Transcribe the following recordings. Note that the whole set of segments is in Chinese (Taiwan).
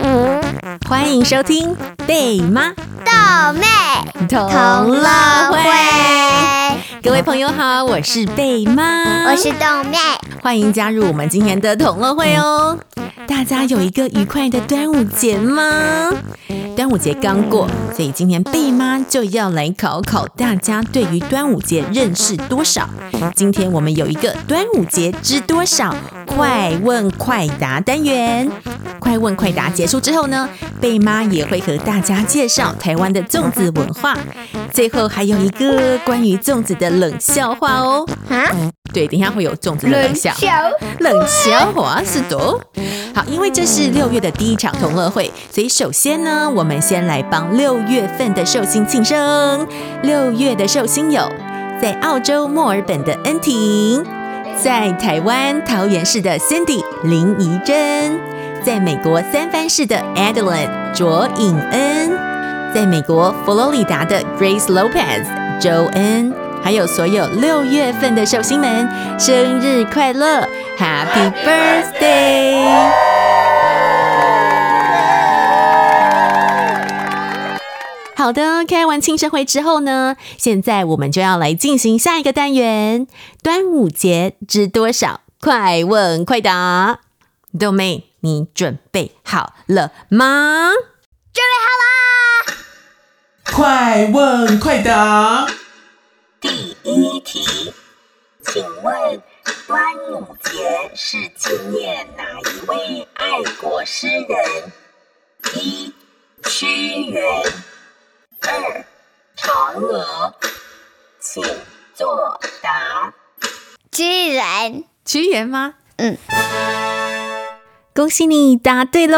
嗯、歡迎收聽貝媽豆妹童樂、童樂會，各位朋友好，我是貝媽，我是豆妹，歡迎加入我們今天的童樂會哦！嗯、大家有一個愉快的端午節嗎？端午節剛過，所以今天貝媽就要來考考大家對於端午節認識多少。今天我們有一個端午節知多少快問快答單元，快問快答結束之後呢，貝媽也會和大家介紹台灣的粽子文化，最後還有一個關於粽子的冷笑話哦。對，等一下會有粽子冷笑，冷笑話是朵。好，因為這是六月的第一場同樂會，所以首先呢，我們先來幫六月份的壽星慶生。六月的壽星有在澳洲墨爾本的恩庭，在台灣桃園市的 Cindy 林宜真，在美國三藩市的 Adeline 卓穎恩，在美國佛羅里達的 Grace Lopez 周恩。還有所有六月份的壽星們，生日快樂，Happy Birthday！ 好的，開完慶生會之後呢，現在我們就要來進行下一個單元——端午節知多少？快問快答，豆妹，你準備好了嗎？準備好啦！快問快答。第一題，請問端午節是紀念哪一位愛國詩人？一屈原，二嫦娥，請作答。屈原，屈原嗎？嗯，恭喜你答對嘍！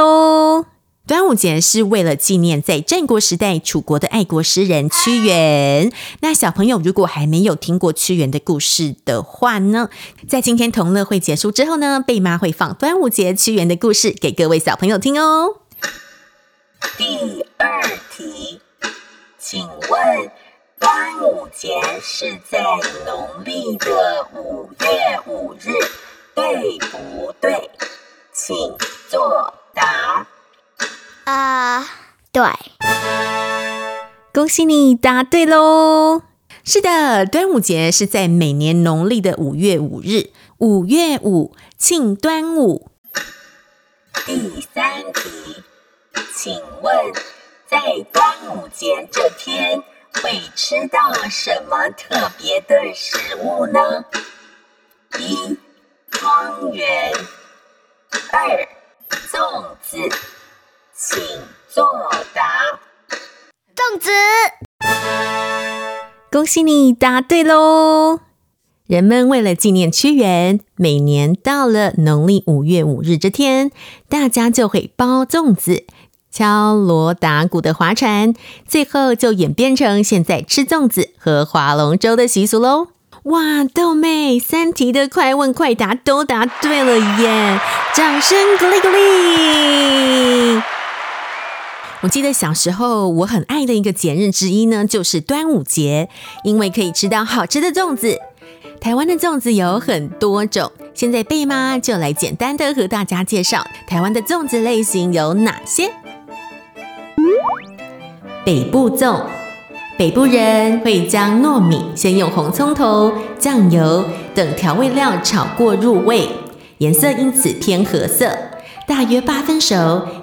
端午節是為了紀念在戰國時代楚國的愛國詩人屈原。那小朋友如果還沒有聽過屈原的故事的話呢，在今天童樂會結束之後呢，貝媽會放端午節屈原的故事給各位小朋友聽哦。第二題，請問端午節是在農曆的五月五日，對不對？請作答。啊、uh，對，恭喜你答對嘍！是的，端午節是在每年農曆的五月五日，五月五慶端午。第三題，請問在端午節這天會吃到什麼特別的食物呢？第三物呢，一湯圓，二粽子。請作答。粽子，恭喜你答對嘍！人們為了紀念屈原，每年到了農曆五月五日這天，大家就會包粽子、敲鑼打鼓的划船，最後就演變成現在吃粽子和划龍舟的習俗嘍。哇，豆妹，三題的快問快答都答對了耶！掌聲鼓勵鼓勵。我記得小時候，我很愛的一個節日之一呢，就是端午節，因為可以吃到好吃的粽子。台灣的粽子有很多種，現在貝媽就來簡單的和大家介紹台灣的粽子類型有哪些。北部粽，北部人會將糯米先用紅蔥頭、醬油等調味料炒過入味，顏色因此偏褐色。大約八分熟，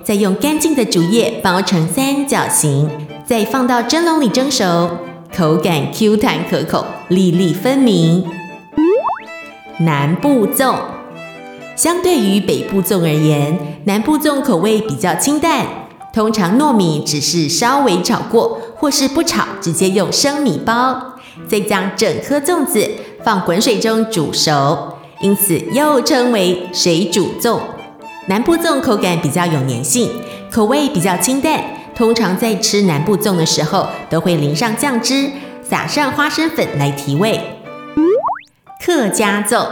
再用乾淨的竹葉包成三角形，再放到蒸籠裡蒸熟，口感 Q 彈可口，粒粒分明。南部粽相對於北部粽而言，南部粽口味比較清淡，通常糯米只是稍微炒過，或是不炒直接用生米包，再將整顆粽子放滾水中煮熟，因此又稱為水煮粽。南部粽口感比較有粘性，口味比較清淡。通常在吃南部粽的時候，都會淋上醬汁，撒上花生粉來提味。客家粽，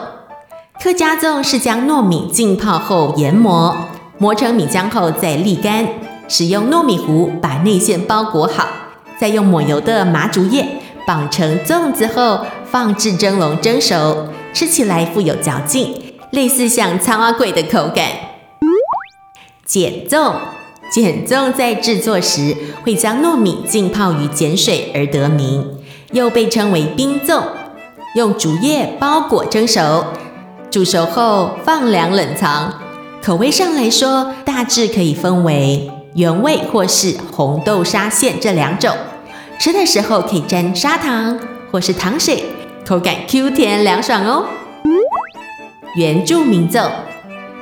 客家粽是將糯米浸泡後研磨，磨成米漿後再瀝乾，使用糯米糊把內餡包裹好，再用抹油的麻竹葉綁成粽子後放置蒸籠蒸熟，吃起來富有嚼勁，類似像草仔粿的口感。鹼粽，鹼粽在製作時會將糯米浸泡於鹼水而得名，又被稱為冰粽。用竹葉包裹蒸熟，煮熟後放涼冷藏。口味上來說，大致可以分為原味或是紅豆沙餡這兩種。吃的時候可以沾砂糖或是糖水，口感 Q 甜涼爽哦。原住民粽。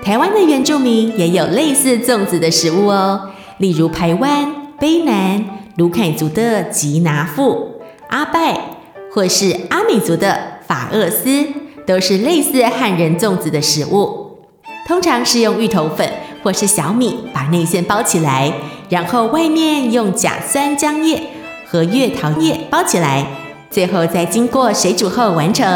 台灣的原住民，也有類似粽子的食物哦，例如台灣卑南魯凱族的吉拿富、阿拜，或是阿美族的法厄斯，都是類似漢人粽子的食物。通常是用芋頭粉或是小米把內餡包起來，然後外面用假酸漿葉和月桃葉包起來，最後再經過水煮後完成。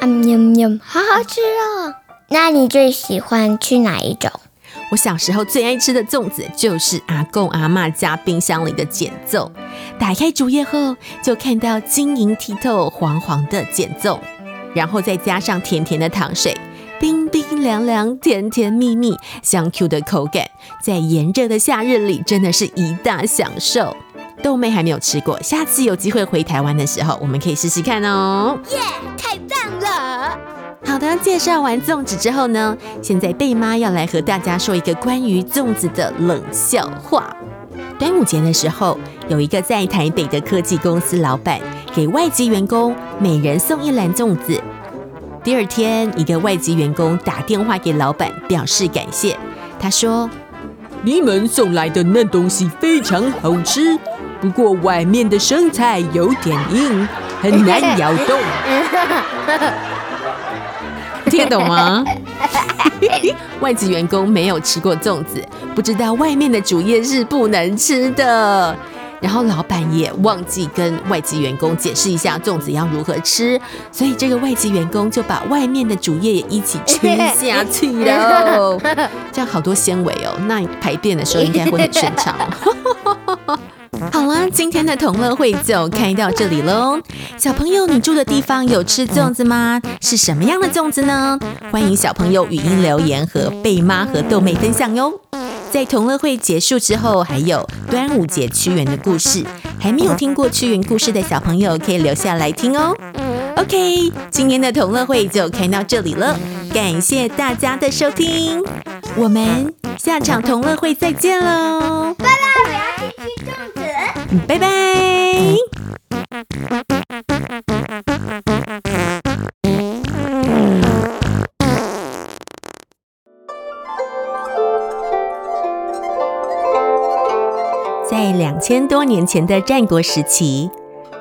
阿咪咪，好好吃哦！那你最喜歡吃哪一種？我小時候最愛吃的粽子就是阿公阿嬤家冰箱裡的鹼粽。打開主頁後，就看到晶瑩剔透、黃黃的鹼粽，然後再加上甜甜的糖水，冰冰涼涼，涼、甜甜蜜蜜，香 Q 的口感，在炎熱的夏日裡真的是一大享受。豆妹還沒有吃過，下次有機會回台灣的時候，我們可以試試看哦。耶，太棒！好的，介紹完粽子之後呢，現在貝媽要來和大家說一個關於粽子的冷笑話。端午節的時候，有一個在台北的科技公司老闆給外籍員工每人送一籃粽子。第二天，一個外籍員工打電話給老闆表示感謝，他說：“你們送來的那東西非常好吃，不過外面的生菜有點硬，很難咬動。”聽得懂嗎？ 外籍員工沒有吃過粽子，不知道外面的竹葉是不能吃的。然後老板也忘記跟外籍員工解釋一下粽子要如何吃，所以這個外籍員工就把外面的竹葉也一起吃下去了。這樣好多纖維哦，那排便的時候應該會很順暢。 好了，今天的同樂會就開到這裡嘍。小朋友，你住的地方有吃粽子嗎？是什麼樣的粽子呢？歡迎小朋友語音留言和貝媽和豆妹分享喲。在同樂會結束之後，還有端午節屈原的故事。還沒有聽過屈原故事的小朋友，可以留下來聽哦。OK，今天的同樂會就開到這裡了，感謝大家的收聽，我們下場同樂會再見嘍，拜拜。拜拜。在兩千多年前的戰國時期，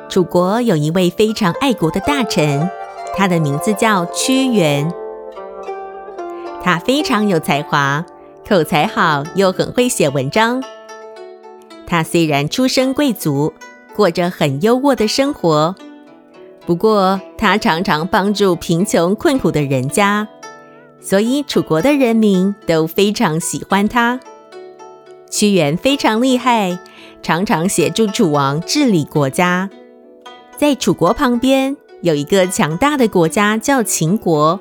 楚國有一位非常愛國的大臣，他的名字叫屈原。他非常有才華，口才好，又很會寫文章。他雖然出身貴族，過着很優渥的生活，不過他常常幫助貧窮困苦的人家，所以楚國的人民都非常喜歡他。屈原非常厲害，常常協助楚王治理國家。在楚國旁邊有一個強大的國家叫秦國，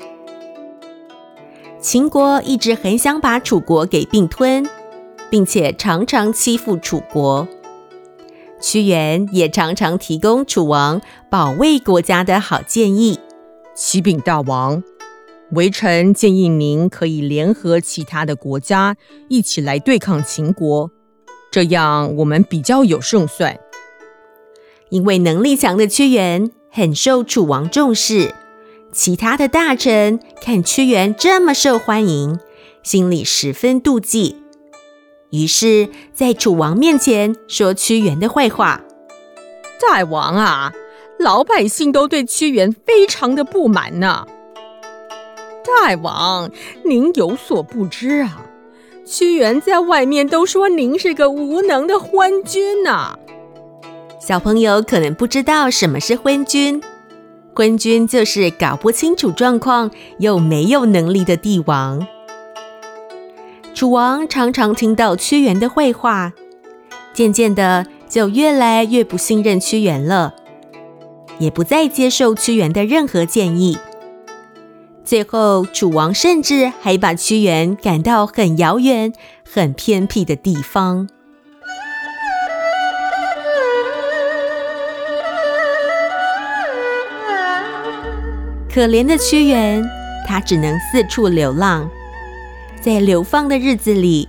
秦國一直很想把楚國給併吞。並且常常欺負楚國，屈原也常常提供楚王保衛國家的好建議。啟稟大王，微臣建議您可以聯合其他的國家一起來對抗秦國，這樣我們比較有勝算。因為能力強的屈原很受楚王重視，其他的大臣看屈原這麼受歡迎，心裡十分妒忌。於是，在楚王面前說屈原的壞話。大王啊，老百姓都對屈原非常的不滿呢啊。大王，您有所不知啊，屈原在外面都說您是個無能的昏君吶，小朋友可能不知道什麼是昏君，昏君就是搞不清楚狀況又沒有能力的帝王。楚王常常聽到屈原的壞話，漸漸的就越來越不信任屈原了，也不再接受屈原的任何建議。最後，楚王甚至還把屈原趕到很遙遠、很偏僻的地方。可憐的屈原，他只能四處流浪。在流放的日子裡，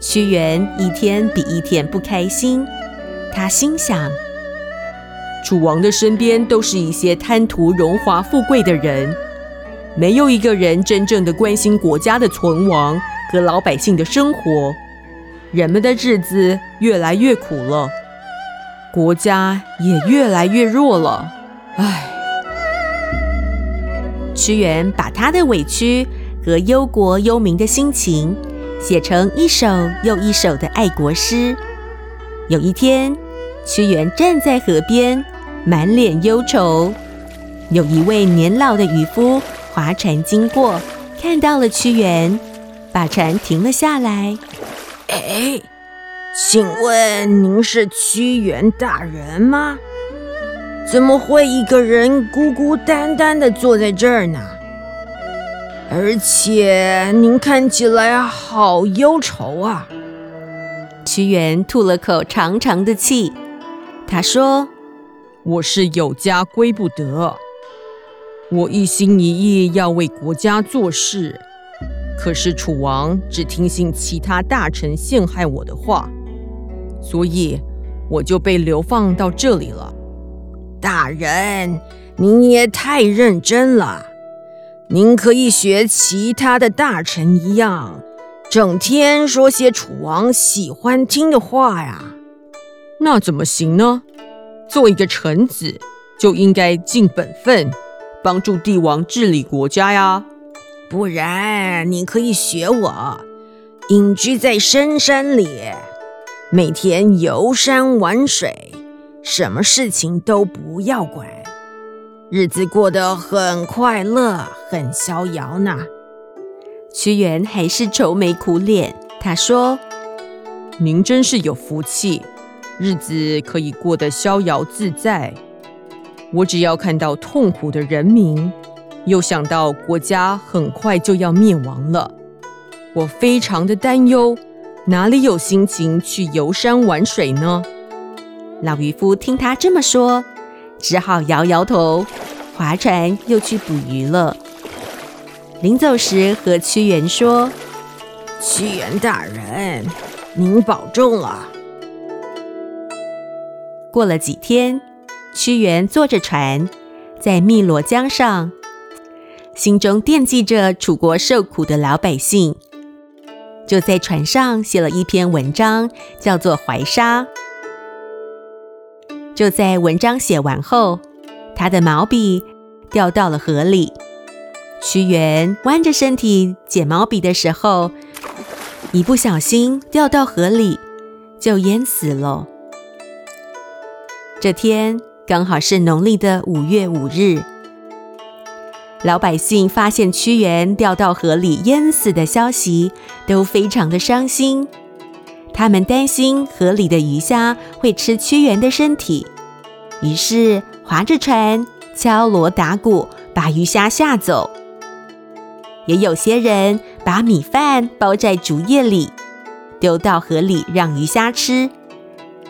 屈原一天比一天不開心。他心想：楚王的身邊都是一些貪圖榮華富貴的人，沒有一個人真正的關心國家的存亡和老百姓的生活。人們的日子越來越苦了，國家也越來越弱了。唉，屈原把他的委屈。和憂國憂民的心情，寫成一首又一首的愛國詩。有一天，屈原站在河邊，滿臉憂愁。有一位年老的漁夫划船經過，看到了屈原，把船停了下來。哎，請問您是屈原大人嗎？怎麼會一個人孤孤單單地坐在這兒呢？而且您看起來好憂愁啊！屈原吐了口長長的氣，他說：“我是有家歸不得，我一心一意要為國家做事，可是楚王只聽信其他大臣陷害我的話，所以我就被流放到這裡了。大人，您也太認真了。”您可以學其他的大臣一樣，整天說些楚王喜歡聽的話呀。那怎麼行呢？做一個臣子就應該盡本分，幫助帝王治理國家呀。不然，你可以學我，隱居在深山裡，每天遊山玩水，什麼事情都不要管。日子過得很快樂，很逍遙呢。屈原還是愁眉苦臉。他說：“您真是有福氣，日子可以過得逍遙自在。我只要看到痛苦的人民，又想到國家很快就要滅亡了，我非常的擔憂，哪裡有心情去游山玩水呢？”老漁夫聽他這麼說，只好搖搖頭，划船又去捕魚了。臨走時，和屈原說：“屈原大人，您保重了啊。”過了幾天，屈原坐着船在汨羅江上，心中惦記着楚國受苦的老百姓，就在船上寫了一篇文章，叫做《懷沙》。就在文章寫完後，他的毛筆掉到了河裡。屈原彎着身體撿毛筆的時候，一不小心掉到河裡，就淹死了。這天剛好是農曆的五月五日，老百姓發現屈原掉到河裡淹死的消息，都非常的傷心。他們擔心河裡的魚蝦會吃屈原的身體，於是划着船、敲鑼打鼓，把魚蝦嚇走。也有些人把米飯包在竹葉裡，丟到河裡讓魚蝦吃，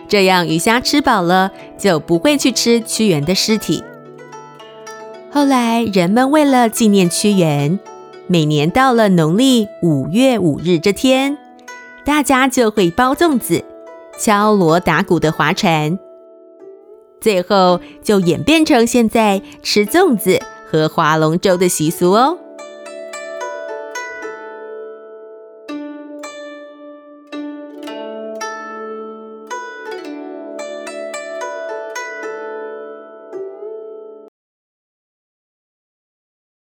這樣魚蝦吃飽了就不會去吃屈原的屍體。後來，人們為了紀念屈原，每年到了農曆五月五日這天，大家就會包粽子、敲鑼打鼓的划船，最後就演變成現在吃粽子和划龍舟的習俗哦。